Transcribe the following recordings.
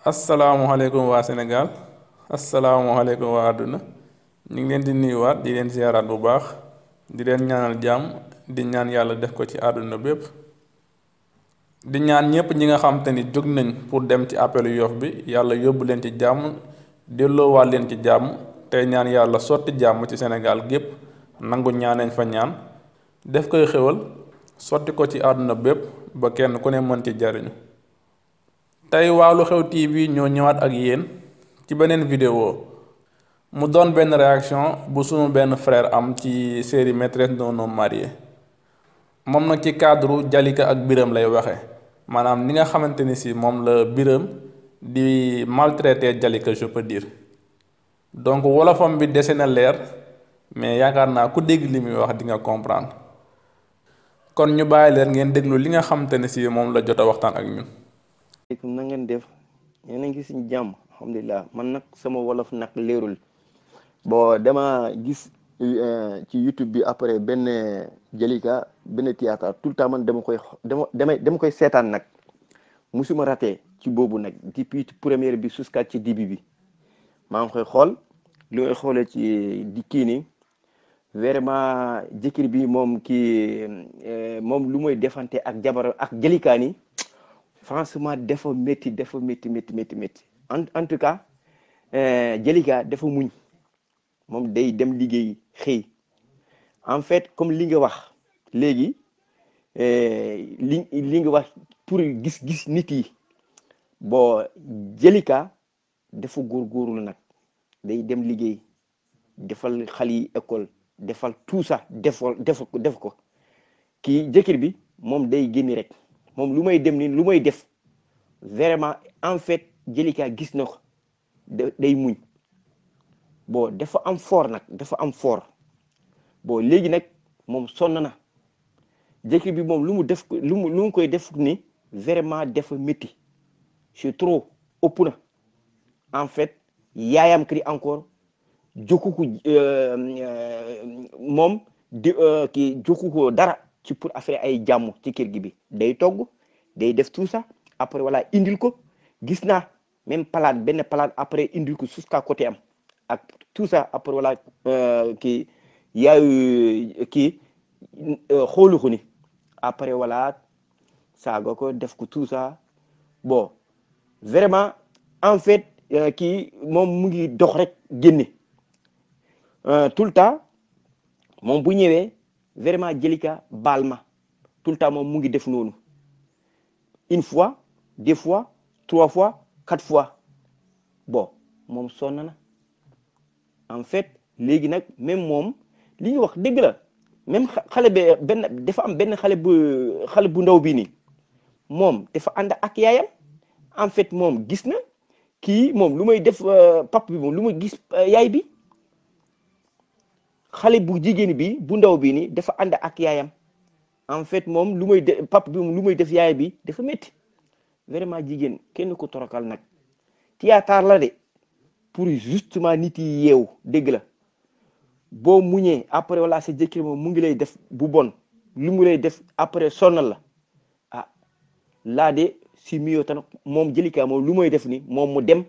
asalaamualeykum waa senegaal asalaamualeykum waa àdduna ñu ngi leen di nuyuwaat di leen ziaraat bu baax di leen ñaanal jàmm di ñaan yàlla def ko ci àdduna bépp di ñaan ñépp ñi nga xam te ni jóg nañ pour dem ci appelu Yoff bi yàlla yóbbu leen ci jàmm delloowaat leen ci jàmm tey ñaan yàlla sotti jàmm ci senegaal gépp nangu ñaaneñ fa ñaan def koy xéwal sotti ko ci àdduna bépp ba kenn ku ne mën ci jariñu tey waa lu xew TV ñoo ñëwaat ak yéen ci beneen vidéo mu doon benn réaction bu sunu benn frère am ci série maîtresse d'un homme moom nag ci cadre Jalika ak Biram lay waxe maanaam ni nga xamante ni si moom la Biram di maltraité Jalika je peux dire donc wolofam bi dese na leer mais yaakaar naa ku dégg li muy wax di nga comprendre kon ñu bàyyi leen ngeen déglu li nga xamante ne si moom la jot waxtaan ak ñun. asalaamaaleykum na ngeen def yéen a ngi si jàmm alhamdulilah man nag sama wolof nag leerul bon dama gis euh, ci YouTube bi après benn euh, Jalika benn théâtre tout le temps man dama koy dama damay dama koy seetaan nag musuma rate ci boobu nag depuis première bi jusqu'à ci début bi maa ngi koy xool li may xoolee ci di kii nii vraiment jëkkër bi moom kii euh, moom lu muy defante ak jabar ak Jalika nii franchement dafa métti dafa métti métti métti métti en en tout cas euh, Jalika dafa muñ moom day dem liggéey xëy en fait comme li nga wax léegi euh, li li nga wax pour gis-gis nit yi bon Jalika dafa góorgóorlu nag day dem liggéey defal xale école defal tout ça defal def ko def ko kii jëkkër bi moom day génn rek. moom lu may dem ni lu may def vraiment en fait Jalika gis na ko day muñ boo defa am fort nag dafa am fort boo léegi nag moom sonn na jëkkër bi moom lu mu def lu mu lu mu koy def ni vraiment defa métti c'est trop ëpp na en fait yaayam kii encore jokku ko euh, euh, moom di euh, kii jokku dara ci pour affaire ay jàmm ci kër gi bi day togg day def tout ça après voilà indil ko gis naa même palaat benn palaat après indil ko jusqu'à côté am ak tout ça après voilà euh, kii yaayu kii euh, xoolu ko ni après voilà saaga ko def ko tout ça bon vraiment en fait euh, kii moom mu ngi dox rek génne tout le temps moom bu ñëwee vraiment Jalika baal ma tout le temps moom mu ngi def noonu une fois deux fois trois fois quatre fois bon moom sonn na en fait léegi nag même moom li ñu wax dëgg la même xale be benn dafa am benn xale bu xale bu ndaw bii nii moom dafa ànd ak yaayam en fait moom gis na kii moom lu may def euh, pap bi moom lu may gis euh, yaay bi xale bu jigéen bi bu ndaw bii nii dafa ànd ak yaayam en fait moom lu muy def pap bi moom lu muy def yaay bi dafa métti vraiment jigéen kenn ku torokal nag théâtre la de pour justement nit yi yeew dégg la boo muñee après wala sa jëkkër moom mu ngi lay def bu bon lu mu lay def après sonal la ah laa de si mio tan moom jëlikaa moom lu may def ni moom mu dem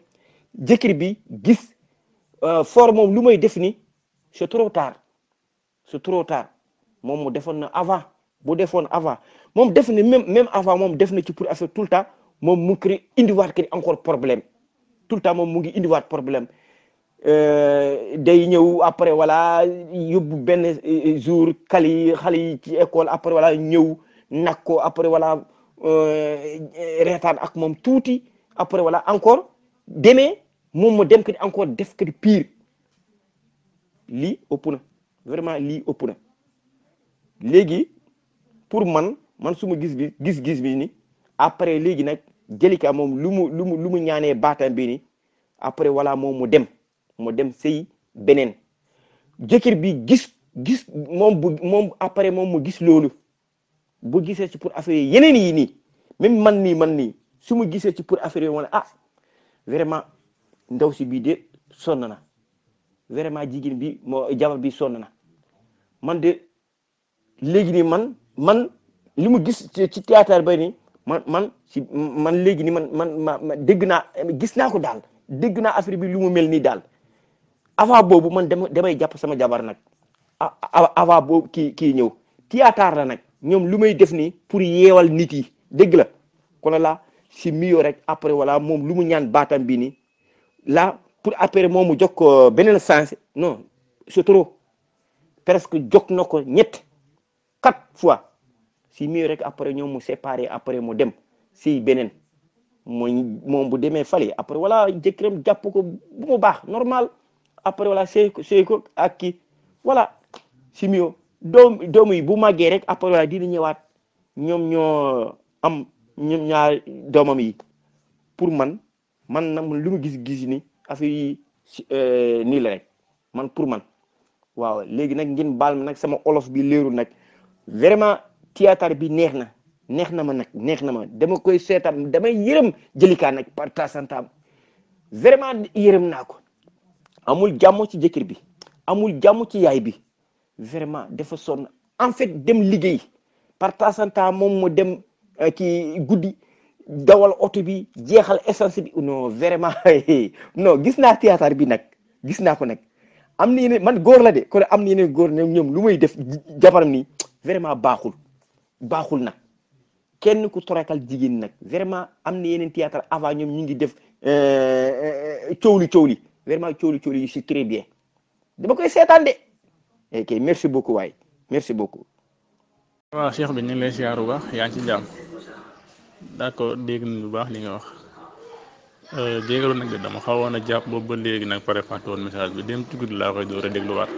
jëkkër bi gis euh, for moom lu may def ni c'est trop tard c'est trop tard moom mu defoon na avant bu defoon avant moom def na même même avant moom def na ci pour affaire tout le temps moom mu ngi indiwaat que encore problème tout le temps moom mu ngi indiwaat problème euh, day ñëw après voilà yóbbu benn euh, jour xale yi xale yi ci école après voilà ñëw nag ko après voilà euh, reetaan ak moom tuuti après voilà encore demee moom mu dem que encore def que pire lii ëpp na vraiment lii ëpp na pour man man su ma gis bi gis-gis bi ni après léegi nag Jalika moom lu mu lu mu lu mu ñaanee baatam bi ni après voilà moom mu dem mu dem sëy beneen jëkkër bi gis gis moom bu moom après moom mu gis loolu bu gisee ci pour affaire yeneen yi nii même man nii man nii su ma gisee ci pour affaire yi ma ne ah vraiment ndaw si bii de sonn na vraiment jigéen bi moo jabar bi sonn na man de léegi nii man man li mu gis ci théâtre ba ni man man ci man léegi ni man man ma dégg naa gis naa ko daal dégg naa affaire bi lu mu mel nii daal avant boobu man dama damay jàpp sama jabar nag avant boobu kii kii ñëw théâtre la nag ñoom lu may def nii pour yeewal nit yi dégg la kon la si miyo rek après voilà moom lu mu ñaan baatam bi nii la pour après moom mu jox ko beneen sens non c'est trop presque jog na ko ñett quatre fois si mieux rek après ñoom mu séparé après mu dem si beneen mooy moom bu demee fale après walaa jëkkëram jàpp ko bu mu baax normal après voilà sëy ko sëy ko ak kii voilà si mieux doom doom yi bu màggee rek après voilà dina ñëwaat ñoom ñoo am ñoom ñaar doomam yi pour man man nag lu mu gis-gis ni affaire yi euh, nii la rek man pour man waaw léegi nag ngin baal ma nag sama olof bi leerul nag vraiment. théâtre bi neex na neex na ma nag neex na ma dama koy seetaan damay yërëm jëlikaa nag par tasantaam vraiment yërëm naa ko amul jàmm ci jëkkër bi amul jàmm ci yaay bi vraiment dafa sonn en fait dem liggéey par tasantaam moom moo dem euh, ci guddi dawal oto bi jeexal essence bi no vraiment non gis naa théâtre bi nag gis naa ko nag am na yeneen man góor la de kon am na yeneen góor ne ñoom lu muy def jabaram ni vraiment baaxul baaxul nag kenn ku torakal jigéen nag vraiment am na yeneen théâtre avant ñoom ñu ngi def euh, euh, coowli coowli vraiment coowli coowli yi c'est très dama koy seetaan de ok merci beaucoup waay merci beaucoup. waaw Cheikh bi ñu ngi lay ziar bu baax yaa ngi ci d'accord dégg nañu baax li nga wax euh, jégalu nag dama xawoon a jàpp boobu ba léegi nag pare fàtte woon message bi dem tuggud laa koy door a dégluwaat.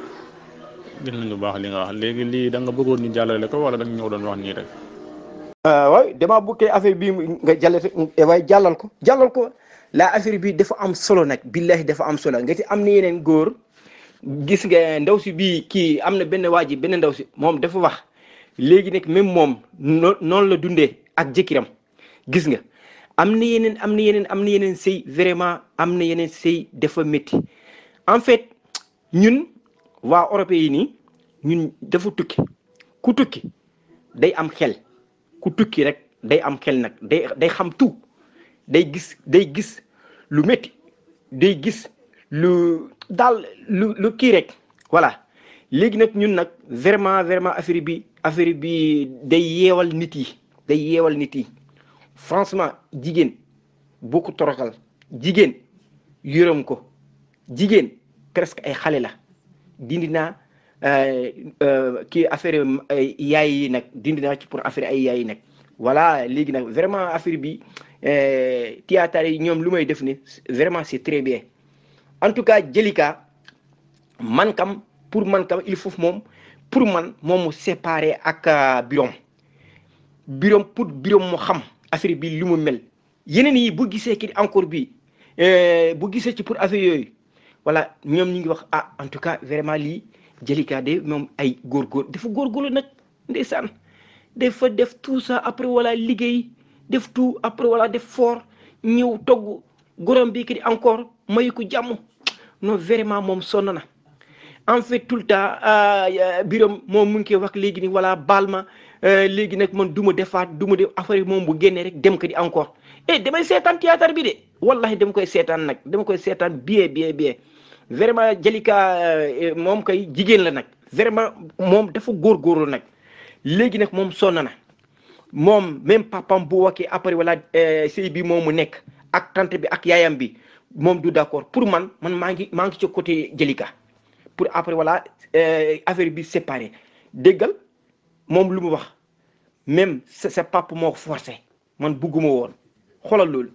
gis nañ bu baax li nga wax léegi lii da nga bëggoon ñu jàllale ko wala da nga ñëw doon wax nii rek. Euh, waaw damaa bëggee affaire bii nga jàllale eh, waaye jàllal ko jàllal ko la affaire bi dafa am solo nag billahi dafa am solo nga ci am yeneen góor gis nga ndaw si bii kii am na benn waa ji benn ndaw si moom dafa wax léegi nag même moom noonu la dundee ak jëkkëram gis nga am na yeneen am na yeneen am na yeneen sëy vraiment am na yeneen sëy dafa métti en fait ñun. waa Europe yi nii ñun defu tukki ku tukki day am xel ku tukki rek day am xel nag day day xam tout day gis day gis lu métti day gis lu daal lu lu kii rek voilà léegi nag ñun nag vraiment vraiment affaire bi affaire bi day yeewal nit yi day yeewal nit yi franchement jigéen boo ko jigéen yërëm ko jigéen presque ay xale la dindi naa euh, euh, kii affaire yaay yi nag dindi naa ci pour affaire ay yaay nag voilà léegi nag vraiment affaire bi euh, théâtre yi ñoom lu may def ni vraiment c'est très bien en tout cas Jalika man kam pour man kam il faut moom pour man moom mu séparé ak birom birom pour birom mu xam affaire bi lu mu mel yeneen yi bu gisee ki encore bi bu gisee ci pour affaire yooyu voilà ñoom ñu ngi wax ah en tout cas vraiment lii Jalika de moom ay góorgóor dafa góorgóorlu nag ndeysaan dafa def tout ça après wala liggéey def tout après wala def fort ñëw togg gorom bi ki encore mayu ko jàmm non vraiment moom sonn na en fait tout le temps ah, biram moom mu ngi koy wax léegi ni wala baal ma euh, léegi nag man du ma defaat du ma def affaire moom bu génnee rek dem ko encore eh damay seetaan théâtre bi de wallahi dama koy seetaan nag dama koy seetaan bien bien bien vraiment Jalika euh, euh, moom kay jigéen la nag vraiment moom dafa góorgóorlu nag léegi nag moom sonn na moom même papam bu wakkee après wala euh, sëy bi moom mu nekk ak tante bi ak yaayam bi moom du d'accord pour man man maa ngi maa ngi ci côté Jalika pour après wala affaire bi séparé déggal moom lu mu wax même sa sa papa moo ko forcé man bugguma woon xoolal loolu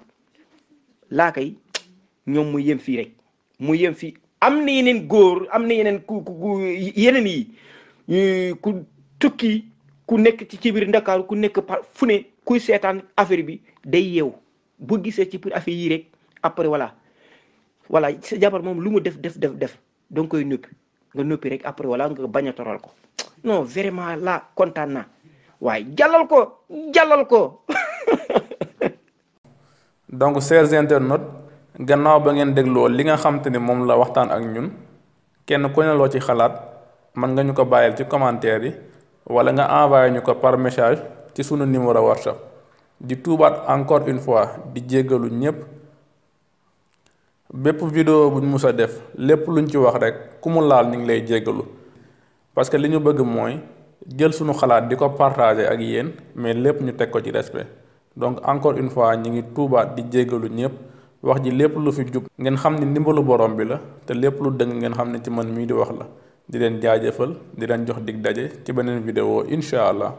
laaka yi ñoom mu yem fii rek muy yem fi am na yeneen góor am na yeneen ku ku yeneen yi ku tukki ku nekk ci ci biir Ndakaaru ku nekk par fu ne kuy seetaan affaire bi day yeew bu gisee ci biir affaire yi rek après voilà voilà sa jabar moom lu mu def def def def danga koy noppi nga noppi rek après voilà nga baña a ko non vraiment la kontaan waaye jàllal ko jàllal ko donc chers internautes gannaaw ba ngeen dégloo li nga xam ni moom la waxtaan ak ñun kenn ku ne loo ci xalaat mën nga ñu ko bàyyil ci commentaire yi wala nga envoyé ñu ko par message ci sunu numéro WhatsApp di tuubaat encore une fois di jéggalu ñépp bépp vidéo bu ñu mus a def lépp lu luñ ci wax rek ku mu laal ñu ngi lay jéggalu parce que li ñu bëgg mooy jël suñu xalaat di ko partager ak yéen mais lépp ñu teg ko ci respect donc encore une fois ñi ngi tuubaat di jéggalu ñëpp wax ji lépp lu fi jub ngeen xam ni ndimbalu borom bi la te lépp lu dëng ngeen xam ne ci man mii di wax la di leen jaajëfal di leen jox dig daje ci beneen vidéo incha allah